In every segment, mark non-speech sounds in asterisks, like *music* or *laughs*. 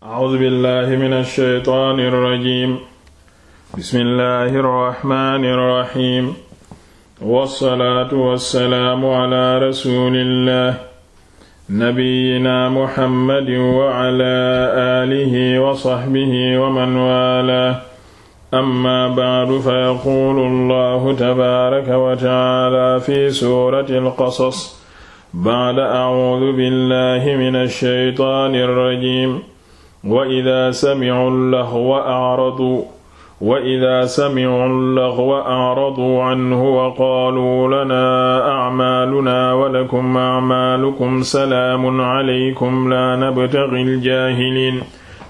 A'uuzu billaahi mina shaytaani rajiim. Bismillaahi rahmaani rahiim. Wassalaatu wassalaamu alaa rasuulillaah. Nabiyyinaa Muhammadin wa alaa aalihi wa sahbihi wa man waalaa. Ammaa ba'du fayaquulu Allaahu tabaaraka wa ta'aalaa fi suuratil qasas. Ba'da a'uuzu billaahi mina shaytaani rajiim. wa ida sami'u lahwa a'radu wa ida sami'u lahwa a'radu anhu wa qaalu lana a'maaluna wa lakum a'maalukum salaamun alaykum laa nabtaghil jaahiliin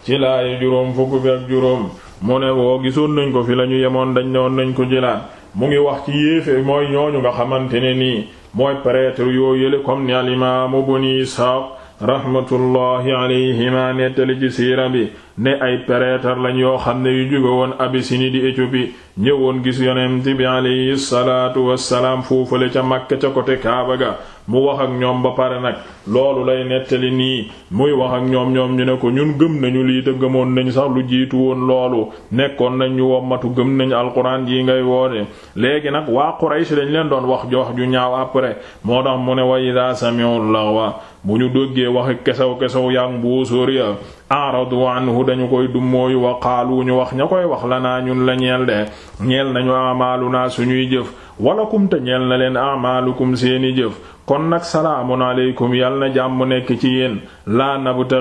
ci laaya juróom fukk bi ak juróom mu ne woo gisoon nañ ko fi la ñu yemoon dañ newoon nañ ko jëlaat mu ngi wax ci yéefe mooy ñooñu nga xamante ne nii mooy prêtre yoo yële comme ni al imaamu Ibnu Isxaaq rahmatullahi alayhima nettali ci siira bi ne ay pereetar lañ yoo xam ne yu jóge si Abisini di Éthiopie ñëwoon gis yonent bi alayhi salaatu wassalaam foofale ca Makka ca côté Kaaba ga mu wax ak ñoom ba pare nag loolu lay nettali nii muy wax ak ñoom ñoom ñu ne ko ñun gëm nañu lii te gëmoon nañ sax lu jiitu woon loolu nekkoon nañ ñu wommatu gëm nañ alxuraan yi ngay woote léegi nag waa Quraysh dañ leen doon wax jox ju ñaaw après moo tax mu ne wa idaa sami'u laghwa bu ñu doggee waxi kesaw kesaw yaa mbuusóor ya aradu anhu dañu koy dummóoyu wa ñu wax ña koy wax la ñun la ñeel ñeel nañu amaaluna suñuy jëf walakum te ñeel na leen amaalukum seeni jëf kon nag salaamun aleykum yal na jàmm nekk ci yéen laa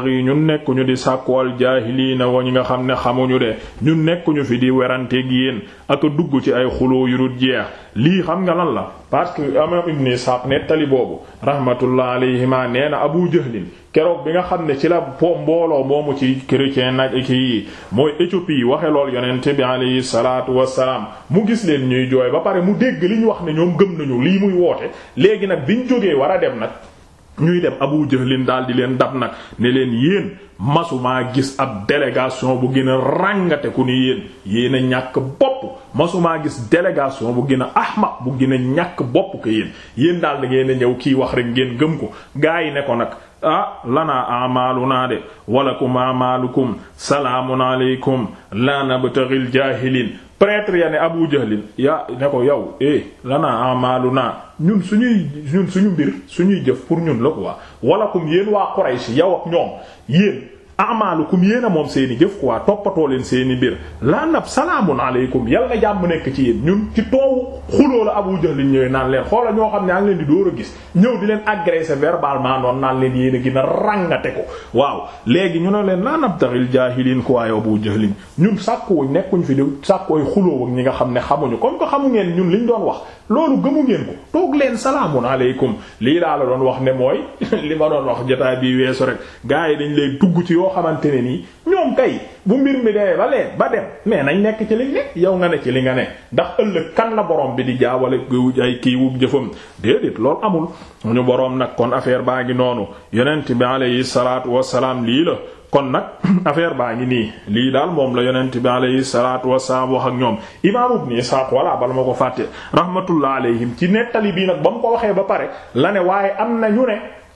yi ñu nekkuñu di sàkkuwal jaahiliina wa ñi nga xam ni xamuñu de ñu nekkuñu fi di weranteeg yéen ak dugg ci ay xuloo yu jeex lii xam nga lan la parce que imam ibn Ishaq nettali boobu rahmatullah alayhima nee na Abu Jahlin keroog bi nga xam ne ci la po mbooloo moomu ci chrétien nag kii mooy yi waxe lool yonente bi alayhi salaatu salaam mu gis leen ñuy jooy ba pare mu dégg li ñu wax ne ñoom gëm nañu lii muy woote léegi nag biñ jógee war a dem nag ñuy dem Abu Jahlin daal di leen dab nag ne leen yéen masumaa gis ab délégation bu gën a ràngate ku ni yéen yéen ñàkk bopp masumaa gis délégation bu gën a ahma bu gën a ñàkk bopp ko yéen yéen daal da ngeen a ñëw kii wax rek ngeen gëm ko gaa yi ne ko nag ah lanaa amaluna de walakum amalukum salaamun aleykum la nabtaghil jaahiliin prêtre ya ne Abu Jahlin ya ne ko yow eh lanaa amaalu naa ñun suñuy ñun suñu mbir suñuy jëf pour ñun la quoi walakum yéen waa Quraysh yow ak ñoom yéen. amaalukum yéen a moom seen i jëf quoi toppatoo leen seen i mbir laa nab salaamun aleykum yal na jàmm nekk ci yéen ñun ci toowu xuloo la Abu Jahl ñëwee naan leen xoola ñoo xam ne a leen di door a gis ñëw di leen agresser verbalement noonu naan leen yéen a gën a ràngate ko waaw léegi ñu ne leen laa nabtaxil jaahiliin quoi yow Abu Jahl ñun sàkkuwuñ nekkuñ fi di sàkkooy xuloo ak ñi nga xam ne xamuñu comme que xamu ngeen ñun liñ doon wax loolu gëmu ngeen ko toog leen salaamun aleykum lii laa la doon wax ne mooy *laughs* li ma doon wax jotaay bi weesu rek gaay dañ lay dugg ci yoo xamante ne nii ñoom kay bu mbir mi dee ba lee ba dem mais nañ nekk ci liñ nekk yow nga ne ci li nga ne ndax ëllëg kan la borom bi di jaawale gu ay kii wu jëfam déedéet loolu amul ñu borom nag kon affaire baa ngi noonu yonent bi alayhi salaatu wassalaam lii la kon nag *clears throat* affaire baa ngi nii lii daal moom la yonent bi alayhi salaatu wassalaam wax ak ñoom imaam ibn Isaaq walla bala ma ko fàtte rahmatullah alayhim ci nettali bii nag ba mu ko waxee ba pare la waaye am na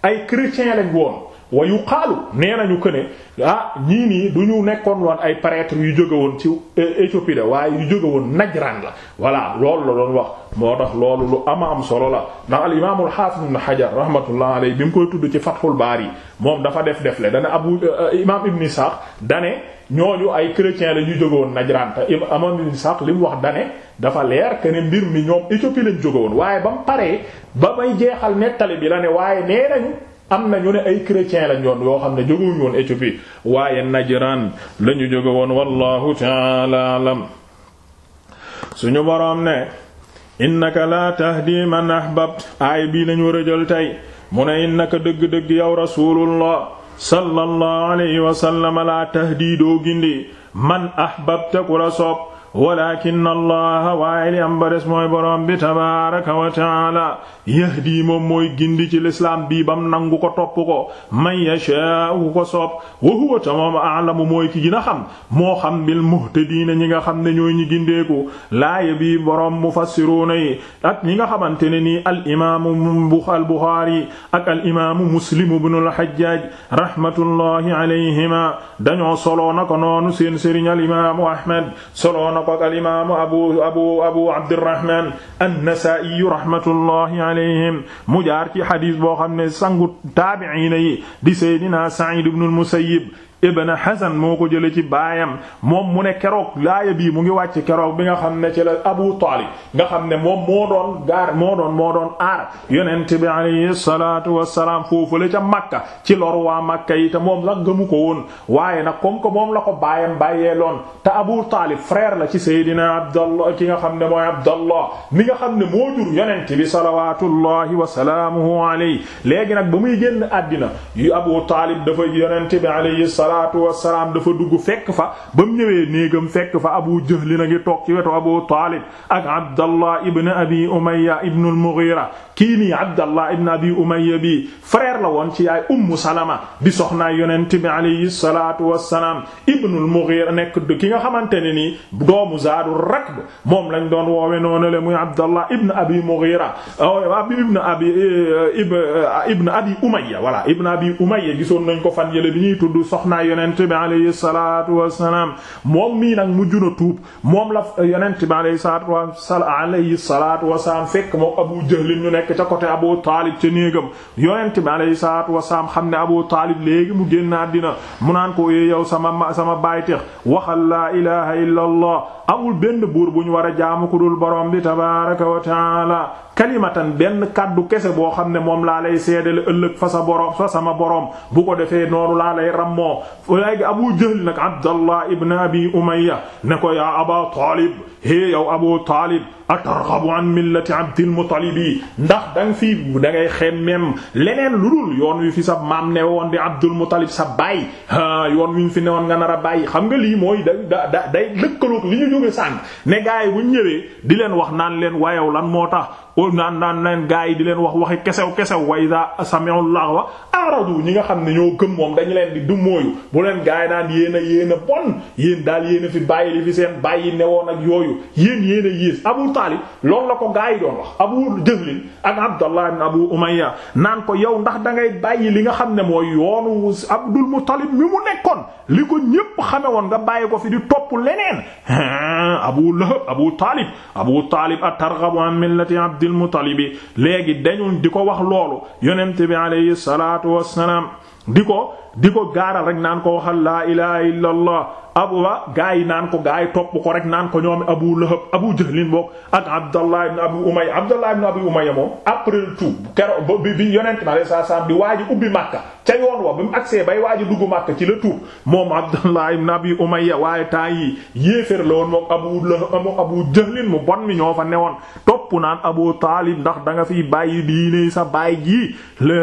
ay chrétien lañ woon yu yuqaalu nee nañu que ne ah ñii nii du ñu nekkoon woon ay prêtre yu jóge woon ci eh, Éthiopie de waaye yu jóge woon Najran la voilà loolu la doon wax moo tax loolu lu ama am solo la ndax al imaam al hafiz ibn Hajar rahmatullah alayhi bi mu koy tudd ci Fathul Bari moom dafa def def le dana abu eh, eh, imaam ibn Ishaq dane ñooñu ay chrétiens la ñu jóge woon Najran te imaam ibn Ishaq li mu wax dane dafa leer que ne mbir mi ñoom Éthiopie lañ jóge woon waaye ba mu paree ba may jeexal nettali bi la ne waaye nee nañu am na ñu ne ay chrétien lañ yoon yoo xam ne jógewuñu woon Éthiopie waaye Najran lañu jóge woon wallahu ta'ala alam suñu boroom ne innaka la tahdi man ahbabt aay bii lañu war a jël tey mu ne innaka dëgg-dëgg yow rasulullah sallallahu alayhi wa sallam la tahdi doo gindi man ahbabta ku la sopp walakin allah waaye li am ba des mooy borom bi wa taala yahdi moom mooy gindi ci lislaam bii bam nangu ko topp ko man yashaa'u ko soob wa huwa moom a'lamu mooy ki gën xam moo xam bil muhtadiina ñi nga xam ne ñooy ñi gindeeku laaya bii borom mufassiruuna yi ak ñi nga xamante ne nii al imaamu al ak al Muslim ibnu al Hajjaaj rahmatullahi alayhima dañoo ko noonu seen sëriñ al imaamu Ahmad na ko ak al imaamu abu abu abu abdirahman annasai rahmatullahi alayhim mu jaar ci xadis boo xam ne sangu taabiina yi di seydina sa'id ibn al-musayyib ibn Hasan moo ko jëlee ci baayam moom mu ne keroog laaya bii mu ngi wàcc keroog bi nga xam ne ci la Abu Taalib nga xam ne moom moo doon gaar moo doon moo doon aar yonent bi alayhi salaatu wassalaam foofu la ca Makka ci lor waa Makka yi te moom la gamu ko woon waaye nag kom que moom la ko baayam bàyyee loon te Abu Taalib frère la ci Seydina Abdallah ki nga xam ne mooy Abdallah mi nga xam ne moo jur yonent bi salawaatullahi wa salaamuhu alayhi léegi nag ba muy génn àddina yu Abu Taalib dafa yonent bi alayhi salaatu wassalaam dafa dugg fekk fa ba mu ñëwee néegam fekk fa abu jahl na ngi toog ci wetu abu taalib ak abdallah ibn abi umayya ibn al mughira kii nii abdallah ibn abi umayya bi frère la woon ci yaay ummu salama di soxnaay yonent bi alayhi salatu wassalaam ibnul mughira nekk ki nga xamante ne nii doomu zaadu rakb moom lañ doon woowe noonu le muy abdallah ibn abi mughira ibn abi eh, eh, ibn abi umayya voilà ibn abi umayya gisoon nañ ko fan yële bi ñuy tudd soxnaay yonent bi alayhi salatu moom mii nag mu na tuub moom la yonent bi alayhi salatu wassalaam fekk abu jahl ñu nekk nekk ca côté Abu Taalib ca néegam yonent bi alayhi salaatu wasalaam xam ne Abu Taalib léegi mu génn àddina mu naan ko yee yow sama ma sama bayteex waxal laa ilaha illa allah benn buur bu ñu war a jaamu ku dul borom bi tabaaraka wa taala kalimatan benn kàddu kese boo xam ne moom laa lay seedale ëllëg fa sa boroom fa sama borom bu ko defee noonu laa lay rammoo léegi abu jahl nag abdallah ibn abi umayya ne ko yaa aba taalib hé yow abu taalib atarghabu an millati abdil muttalib yi ndax danga fii da ngay xemmem leneen lu dul yoon wi fi sa maam ne woon di abdul muttalib sa baay a yoon wi ñu fi ne woon nga nar a bàyyi xam nga lii mooy da da da day lëkkaloog li ñu jóge sànq ne gaay bu ñëwee di leen wax naan leen wayow lan moo tax óol naan naan leen gaa yi di leen wax waxi kesew kesew wa iza sami'u laghwa aradu ñi nga xam ne ñoo gëm moom dañu leen di du mooyu bu leen gaa yi naan yéen a yéen bon yéen daal yéen a fi bàyyi li fi seen bàyyi newoon ak yooyu yéen yéen a yées Abu Taalib loolu la ko gaa yi doon wax Abu Jahl ak Abdallah ibn Abu Umayya naan ko yow ndax da ngay li nga xam ne mooy yoonu Abdul Muttalib mi mu nekkoon li ko ñépp xame woon nga bàyyi ko fi di topp leneen *laughs* Abu Lahab Abu Taalib Abu Taalib Abdil Muttalib léegi dañu di ko wax loolu yonent bi alayhi salaatu wassalaam di ko di ko gaaral rek naan ko waxal laa ilaha illa allah abu wa gaa yi naan ko gaa yi topp ko rek naan ko ñoom abu lahab abu jahlin ak abdallah ibn abu umayya abdallah ibn abu umayya moom après tout kero bi bi yonent ma lay saa saam di waaji ubbi màkka ci la moom abdallah ibn abu umayya waaye temps yi yéeféer la woon moom abu lahab moom abu mu bon mi ñoo fa newoon topp naan Abu Taalib ndax danga fi fiy bàyyi diine sa baay ji le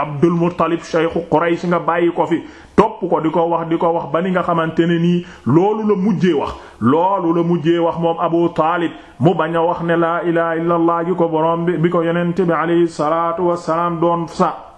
Abdul Muttalib Shaykhu Quraysh nga bàyyi ko fi topp ko di ko wax di ko wax ba ni nga xamante ne nii loolu la mujjee wax loolu la mujjee wax moom Abu Taalib mu bañ a wax ne laa ilaha illa allah ji ko borom bi ko yonent bi alayhi salaatu wassalaam doon sa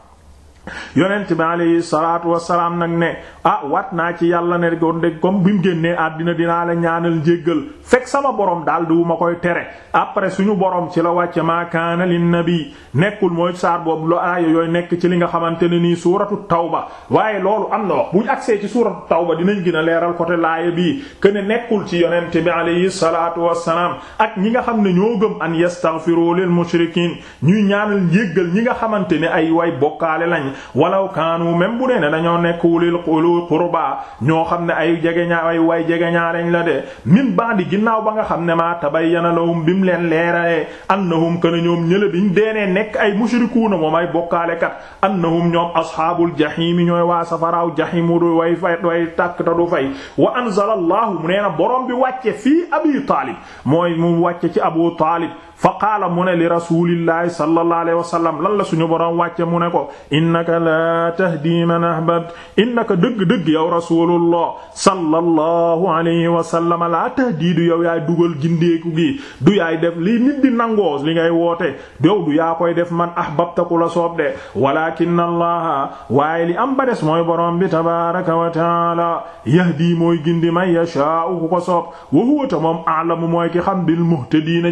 yonent bi alayhi salaatu wasalaam nag ne ah wat naa ci yàlla ne kon de comme bi mu génnee àddina dinaa la ñaanal njéggal fekk sama borom daal du ma koy tere après suñu borom ci la wàcce ma kaana lin nabi nekkul mooy saar boobu lu aaya yooyu nekk ci li nga xamante ne nii suuratu tawba waaye loolu am na wax buñ agsee ci suuratu tawba dinañ gina a leeral côté laaya bii que nekkul ci yonent bi alayhi salaatu wasalaam ak ñi nga xam ne ñoo gëm an yastaghfiru lil mushrikiin ñuy ñaanal njéggal ñi nga xamante ne ay way bokkaale lañ walaw kaanu même bu dee ne dañoo nekk wulil lu qurba ñoo xam ne ay jegeñaa ay way jegeñaa lañ la de min baa di ginnaaw ba nga xam ne maa tabayyana lahum bim leen leeralee annahum kana ñoom ñële biñ deenee nekk ay mushrikuuna moom ay bokkaalekat annahum ñoom ashaabul jahiim ñooy waa safaraaw jahiim du way fay way tàkk ta du fay wa anzala allahu mu nee na borom bi wàcce fii abi taalib mooy mu wàcce ci abu taalib fa qaala mu ne li rasulillahi sallallahu alayhi wa sallam lan la suñu boroom wàcce mu ne ko innaka la tahdi man ahbabt innaka dëgg-dëgg yow rasulullah sallallahu alayhi wa sallam la tahdi du yow yaay dugal gindeeku gi du yaay def li nit di nangoo li ngay woote yow du yaa koy def man ahbabta ku la soob de walakin allaha waaye li am ba des mooy boroom bi tabaraka wa taala yahdi mooy gindi man yashaa'u ku ko soob wa huwa moom a'lamu mooy ki xam bil muhtadiina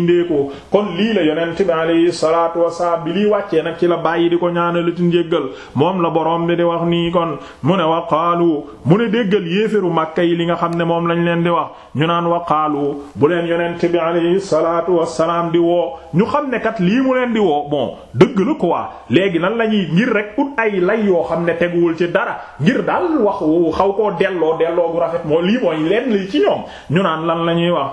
gindeekoo kon lii la yonent bi alayhi salaatu wasalaam bi lii wàccee nag ci la bàyyi di ko ñaanalati njéggal moom la boroom bi di wax nii kon mu ne waqaalu mu ne déggal yéeferu Makka yi li nga xam ne moom lañ leen di wax ñu naan waqaalu bu leen yonent bi alayhi salaatu salaam di woo ñu xam ne kat lii mu leen di woo bon dëgg la waa léegi nan lañuy ngir rek ut ay lay yoo xam ne teguwul ci dara ngir daal wax xaw koo delloo delloo gu rafet moo la ñuy wax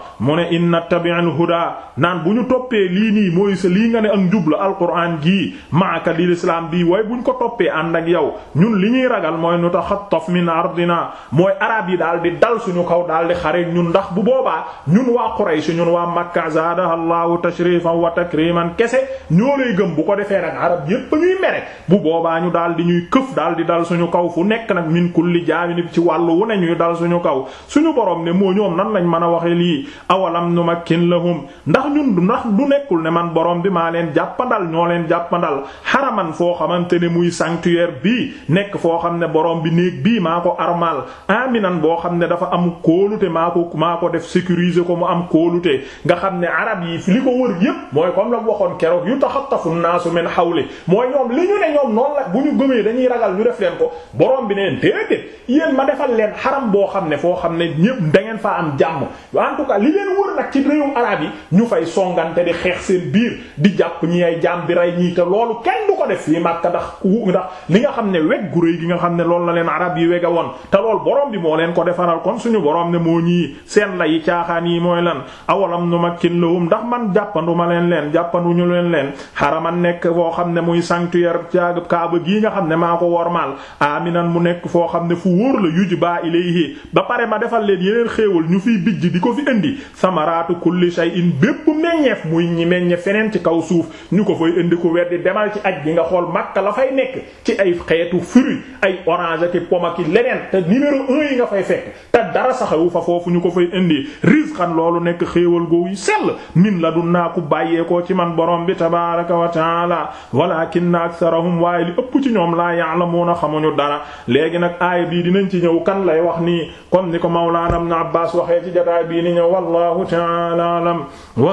naan bu ñu toppee lii nii mooy sa lii nga ne ak njub la alquran gii maaka di lislaam bii waaye bu ñu ko toppee ànd ak yow ñun li ñuy ragal mooy nu taxattaf min ardina mooy arab yi daal di dal suñu kaw daal di xare ñun ndax bu boobaa ñun waa Quraysh ñun waa Makka zaadaha Allahu tashrifan wa takriman kese ñoo lay gëm bu ko defee nag arab yépp ñuy mere bu boobaa ñu daal di ñuy këf daal di dal suñu kaw fu nekk nag min kulli jaanib ci wàllu wu ne ñuy dal suñu kaw suñu borom ne moo ñoom nan lañ mën a waxe lii awalam numakkin lahum ndax ñun ndax du nekkul ne man borom bi maa leen jàppandal ñoo leen jàppandal xaraman foo xamante ne muy sanctuaire bii nekk foo xam ne borom bi néeg bii maa ko armal aminan boo xam ne dafa am kóolute maa ko maa ko def sécuriser ko mu am kóolute nga xam ne arab yi li ko wër yépp mooy comme la waxoon keroog yu taxattafu naasu min hawli mooy ñoom li ñu ne ñoom noonu la bu ñu gëmee dañuy ragal ñu def leen ko borom bi neen déedéet yéen ma defal leen xaram boo xam ne foo xam ne ñépp da faa am jàmm en li leen wër nag ci réewum arab yi ñu fa fay songante di xeex seen biir di jàpp ñi ay jaam di rey ñii te loolu kenn du ko def fii Makka ndax wu ndax li nga xam ne weg gu rëy gi nga xam ne loolu la leen arab yi wega woon te loolu borom bi moo leen ko defaral kon suñu boroom ne moo ñii seen la yi caaxaan yi mooy lan awalam nu la lahum ndax man jàppandu ma leen leen jàppandu ñu leen leen xaraman nekk foo xam ne muy sanctuaire caagab kaaba gii nga xam ne maa ko wormaal aminan mu nekk foo xam ne fu wóor la yujba ilayhi ba pare ma defal leen ñu fiy bijj di ko fi indi samaraatu kulli bépp meññeef muy ñi meññeef feneen ci kaw suuf ñu ko fay indi ku weddi demal ci aj gi nga xool Makka la fay nekk ci ay xeetu fruit ay orange ak i pomme i leneen te numéro un nga fay fekk te dara saxewu fa foofu ñu ko fay indi rizqan loolu nekk xéewal googu sell min la du naa ku bàyyeekoo ci man borom bi tabaaraka wa taala walaakinna aktharahum waaye li ëpp ci ñoom laa ya'lamuuna xamuñu dara léegi nag aaya bii dinañ ci ñëw kan lay wax nii kon n ko Mawlaana Ibn Abbaas waxee ci jotaay bii ni ñëw wallaahu taala alam